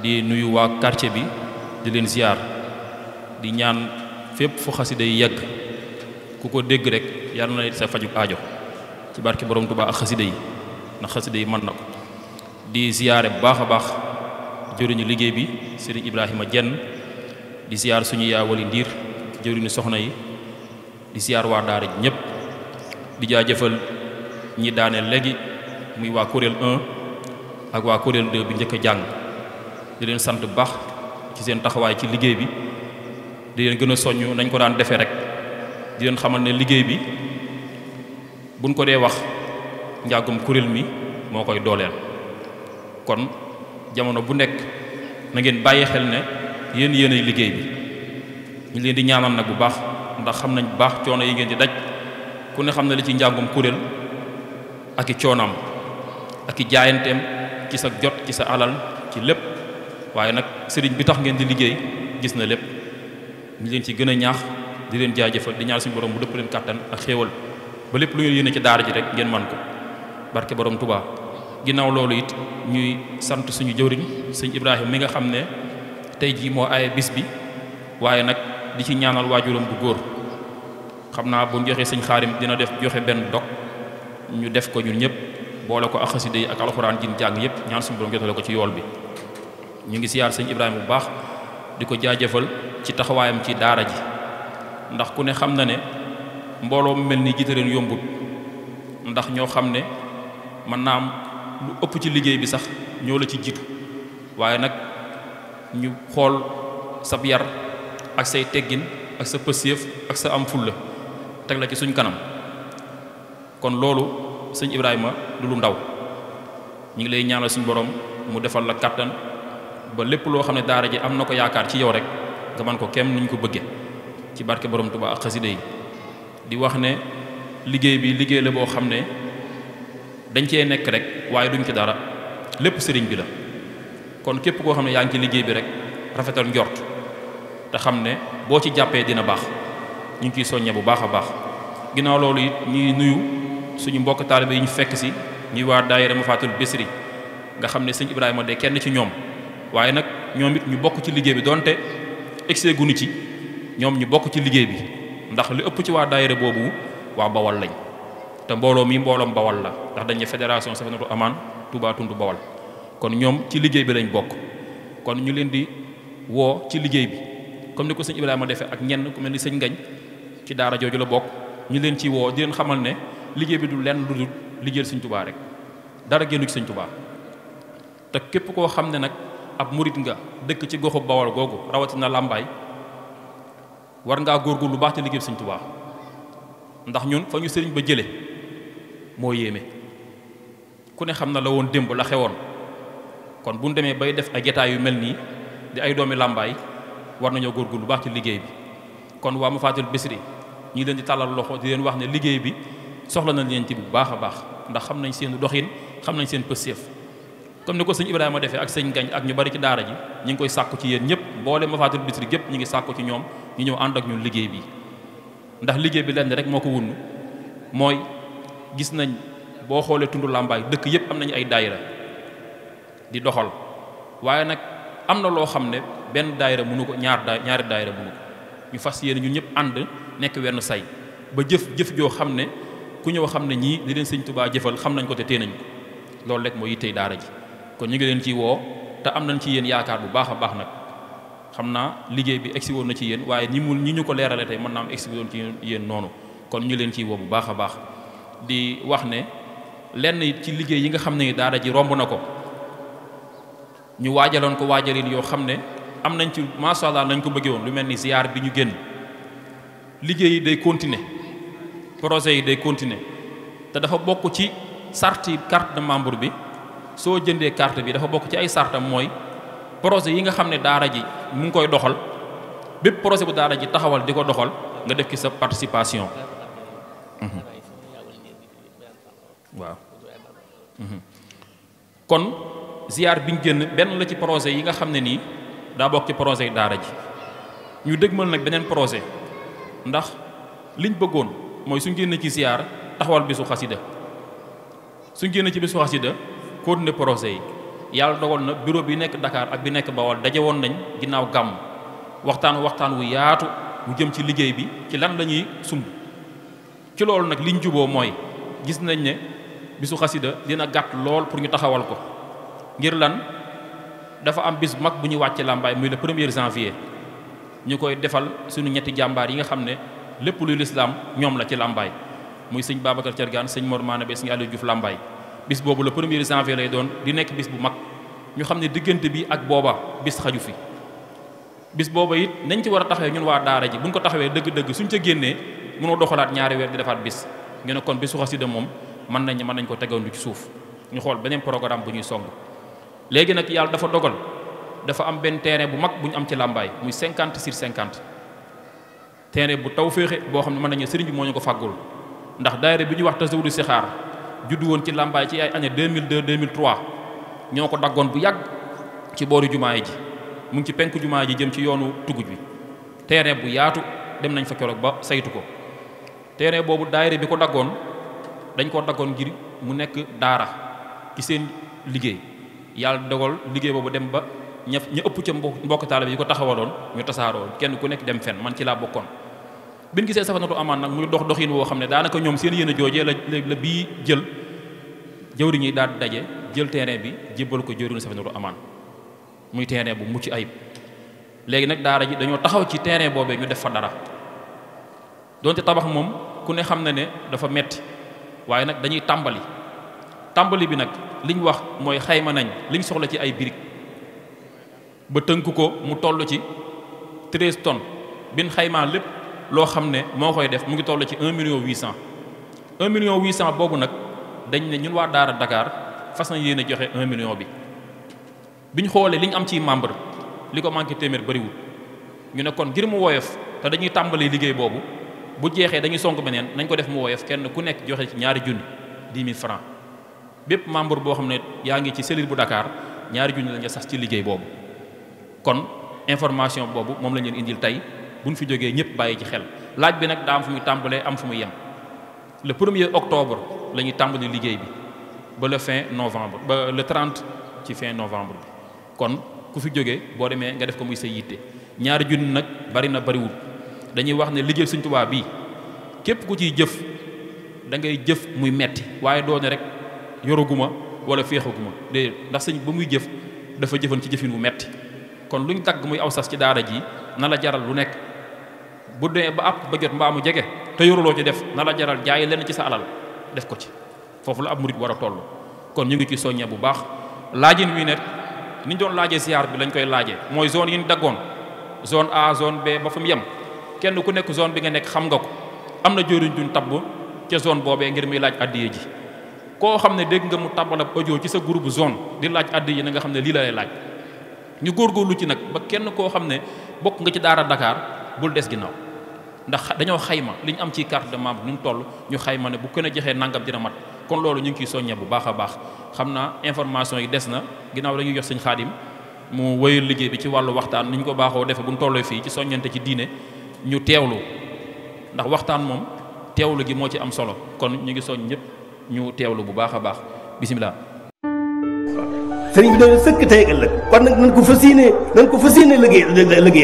di nuyu waa quartier bi di leen ziar di ñaan fépp fu xasida yi yegg ku ko dégg rek yàlla na sa fajug aajo ci barke borom Tuubaa ak xasida yi ndax xasida yi mën na ko di ziare bu baax a baax jëriñu liggéey bi sëriñ Ibrahima Jenn di ziar suñu yaa yaawali ndiir jëriñu soxna yi di ziar waa daara ji ñëpp di jaajëfal ñi daaneel légi muy waa kuréel 1 ak waa kuréel 2 bi njëkk a jàng di leen sant bu baax ci seen taxawaay ci liggéey bi di leen gën a soññ nañ ko daan defee rek di leen xamal ne liggéey bi buñ ko dee wax njàngum kuréel mi moo koy dooleel kon jamono bu nekk na ngeen bàyyi xel ne yéen yéenay liggéey bi ñu leen di ñaanal nag bu baax ndax xam nañ bu baax coono yi ngeen di daj ku ne xam na li ci njàngum kuréel ak i coonaam ak i jaayanteem ci sa jot ci sa alal ci lépp waaye nag sëriñ bi tax ngeen di liggéey gis na lépp ñu leen ci gën a ñaax di leen jaajëfal di ñaan suñu borom bu dëpp leen kàttan ak xéewal ba lépp lu ngeen yéene ci daara ji rek ngeen man ko barke borom Touba ginnaaw loolu it ñuy sant suñu jëwriñ sëñ Ibrahima mi nga xam ne tey jii moo aaye bis bi waaye nag di ci ñaanal waajuram bu góor xam naa bu joxee sëñ xaarim dina def joxe benn dog ñu def ko ñun ñëpp boole ko ak xasida yi ak alxuraan ji jàng yëpp ñaan suñu borom jotale ko ci yool bi ñu ngi siyaar sëñ Ibrahima bu baax di ko jaajëfal ci taxawaayam ci daara ji ndax ku ne xam na ne mbooloo mu mel ni jiite leen yombut ndax ñoo xam ne mën naa am lu ëpp ci liggéey bi sax ñoo la ci jiitu waaye nag ñu xool sab yar ak say teggin ak sa pësiyëf ak sa am fulla teg la ci suñ kanam kon loolu sëñ Ibrahima du lu ndaw ñu ngi lay ñaanal suñ borom mu defal la kàttan ba lépp loo xam ne daara ji am na ko yaakaar ci yow rek nga man ko kem ñu ko bëggee ci barke borom Tuubaa ak xasida yi di wax ne liggéey bi liggéey la boo xam ne dañ cee nekk rek waaye duñ ci dara lépp sëriñ bi la kon képp koo xam ne yaa ngi ci liggéey bi rek rafetal njort te xam ne boo ci jàppee dina baax ñu ngi ciy bu baax a baax ginnaaw loolu it ñuy nuyu suñu mbokk taalibe yi ñu fekk si ñuy waa daayira Mafatul Bisri nga xam ne sëñ Ibrahima de kenn ci ñoom waaye nag ñoom it ñu bokk ci liggéey bi donte egsee gunu ci ñoom ñu bokk ci liggéey bi ndax li ëpp ci waa daayira boobu waa bawal lañ te mbooloo mi mbooloom bawal la ndax dañ ne fédération Safinatoul Aman Touba Tundu bawal kon ñoom ci liggéey bi lañ bokk kon ñu leen di woo ci liggéey bi comme ni ko sëñ Ibrahima defee ak ñenn ku mel ni sëñ Ngañ ci daara jooju la bokk ñu leen ci woo di leen xamal ne liggéey bi du lenn du dul liggéeyal sëñ Touba rek dara génnu ci sëñ Touba xam ne nag ab murit nga dëkk ci goxu bawal googu rawatina làmbaay war ngaa góor góor lu baax ci liggéey Sëñ Tuubaa ndax ñun fa ñu sëriñ ba jële moo yéeme ku ne xam na la woon démb la xewoon kon bu ñu demee bay def ay jataay yu mel nii di ay doomi làmbaay war nañoo góor góorgóorlu lu baax ci liggéey bi kon waa Mafaatul Bisri ñi leen di tàllal loxo di leen wax ne liggéey bi soxla na leen ci bu baax a baax ndax xam nañ seen doxin xam nañ seen pëstéef comme ni ko sëñ Ibrahima defee ak sëñ Gañ ak ñu bari ci daara ji ñu ngi koy sàkku ci yéen ñëpp boole Mafaatihul Bichri gépp ñu ngi sàkku ci ñoom ñu ñëw ànd ak ñun liggéey bi ndax liggéey rek moo ko wunn mooy gis nañ boo xoolee tundu làmbaay dëkk yëpp am nañu ay daayira di doxal waaye nag am na loo xam ne benn daayira mënu ko ñaar daa ñaari daayira ñu fas yéene ñun ñëpp ànd nekk wenn say ba jëf jëf joo xam ne ku ñëw xam ne ñii di leen sëñ Tubaa jëfal xam nañ ko te tee nañ ko loolu rek moo yittey daara ji kon ñu ngi leen ci woo te am nañ ci yéen yaakaar bu baax a baax nag xam naa liggéey bi egsi woon na ci yéen waaye ni mu ñi ñu ko leerale tey mën naa am egsi woon ci yéen noonu kon ñu leen ciy woo bu baax a baax di wax ne lenn ci liggéey yi nga xam ne daara ji romb na ko ñu waajaloon ko waajalin yoo xam ne am nañ ci macha allah nañ ko bëggee woon lu mel ni ziar bi ñu génn liggéey yi day continuer projet yi day continuer te dafa bokk ci sarti carte de membre bi soo jëndee carte bi dafa bokk ci ay sartam mooy projet yi nga xam ne daara ji mu ngi koy doxal bépp projet bu daara ji taxawal di ko doxal nga def ci sa participation mhm. waaw mhm. kon ziar bi ñu génn benn la ci projet yi nga xam ne nii daa bokk ci projet yi daara ji ñu dëgmal nag beneen projet ndax liñ bëggoon mooy suñ génn ci ziar taxawal bisu xasida su génn ci bisu xasida continuer projet yi yàlla dogal na bureau bi nekk Dakar ak bi nekk Bawol daje woon nañ ginnaaw gàmm waxtaan waxtaan wu yaatu wu jëm ci liggéey bi ci lan la ñuy sumb ci loolu nag liñ juboo mooy gis nañ ne bisu xasida dina gàtt lool pour ñu taxawal ko ngir lan dafa am bis mag bu ñu wàcce làmbaay muy le premier janvier ñu koy defal suñu ñetti jàmbaar yi nga xam ne lépp luy lislaam ñoom la ci làmbaay muy sëñ Babacar Thiergane sëñ Mor Mané ba sëñ Aliou Diouf làmbaay bis boobu le premier janvier lay doon di nekk bis bu mag ñu xam ne diggante bi ak booba bis xaju fi bis booba it nañ ci war a taxawee ñun waa daara ji bu buñ ko taxawee dëgg-dëgg suñ ca génnee mënoo doxalaat ñaari weer di defaat bis nga ne kon bisu xasida moom mën nañ mën nañ ko tegandu ci suuf ñu xool beneen programme bu ñuy song léegi nag yàlla dafa dogal dafa am benn terrain bu mag bu ñu am ci làmbaay muy 50 sur 50 terrain bu taw féexe boo xam ne mën nañu sëriñ bi moo ñu ko fàggul ndax daayira juddu woon ci làmbaay ci ay année 2002 2003 ñoo ko daggoon bu yàgg ci booru jumaa ji mu ngi ci penk jumaa ji jëm ci yoonu tuguj bi terrain bu yaatu dem nañ fa keroog ba saytu ko terrain boobu daayira bi ko daggoon dañ koo daggoon ngir mu nekk daara ki seen liggéey yàlla dogal liggéey boobu dem ba ña ña ëpp ca mbokk mbokk yi ko taxawaloon ñu tasaaroo kenn ku nekk dem fen man ci laa bokkoon bi ñu gisee safanatu amaan nag muy dox doxin woo xam ne daanaka ñoom seen yéen a joojee la la bii jël jëwriñ yi daal daje jël terrain bi jébbal ko jëwriñu safanatu amaan muy terrain bu mucc ayib léegi nag daara ji dañoo taxaw ci terrain boobee ñu def fa dara donte tabax moom ku ne xam na ne dafa metti waaye nag dañuy tàmbali tàmbali bi nag liñ wax mooy xayma nañ liñ soxla ci ay birig ba tënk ko mu toll ci 13 tonnes bin xaymaa lépp loo xam ne moo koy def mu ngi toll ci un million huit cent un million huit cent boobu nag dañ ne ñun waa Daara dakaar façon na yéen a joxe un million bi bi ñu xoolee li ñu am ciy membre li ko manqué téeméer bëriwul ñu ne kon ngir mu woyof te dañuy tàmbali liggéey boobu bu jeexee dañuy sonk beneen nañ ko def mu woyof kenn ku nekk joxe ci ñaari junni dix mille francs bépp membre boo xam ne yaa ngi ci cellule bu dakaar ñaari junni la sas ci liggéey boobu kon information boobu moom la ñu indil tey buñ fi jógee ñëpp bàyyi ci xel laaj bi nag daa am fu muy tàmbalee am fu muy yem le premier octobre lañuy ñuy tàmbali liggéey bi ba le fin novembre ba le 30 ci fin novembre bi kon ku fi jóge boo demee nga def ko muy sa yitte ñaari junni nag bari na bariwul dañuy wax ne liggéey Sëñ tubaab bii képp ku ciy jëf da ngay jëf muy metti waaye doo ne rek yoraguma wala féexaguma déedéet ndax sëñ ba muy jëf dafa jëfan ci jëfin wu metti kon luñ tagg muy aw sas ci daara ji na la jaral lu nekk bu demee ba àpp ba jot mbaa mu jege te yoruloo ci def na la jaral jaay lenn ci sa alal def ko ci foofu la ab murit war a toll kon ñu ngi ci soññe bu baax laajin wi ne ni ñu doon laajee ziar bi lañ koy laaje mooy zone yi ñu daggoon zone A zone B ba fa mu yem kenn ku nekk zone bi nga nekk xam nga ko am na jëriñ duñ tabb ca zone boobee ngir muy laaj addiye ji koo xam ne dégg nga mu tabbal ab audio ci sa groupe zone di laaj addiye na nga xam ne lii la lay laaj ñu góorgóorlu ci nag ba kenn koo xam ne bokk nga ci daara Dakar bul des ginnaaw ndax dañoo xayma li ñu am ci carte de membre nu mu toll ñu xayma ne bu gën a joxee nangam dina mat kon loolu ñu ngi ciy soññee bu baax a baax xam naa information yi des na ginnaaw dañuy jox sëñ xaadim mu wéyal liggéey bi ci wàllu waxtaan ni ñu ko baaxoo defee bu ñu tollee fii ci soññante ci diine ñu teewlu ndax waxtaan moom teewlu gi moo ci am solo kon ñu ngi soññ ñëpp ñu teewlu bu baax a baax bisimilah. sëriñ bi de sëkk tey ak ëllëg kon nag nañ ko fas liggéey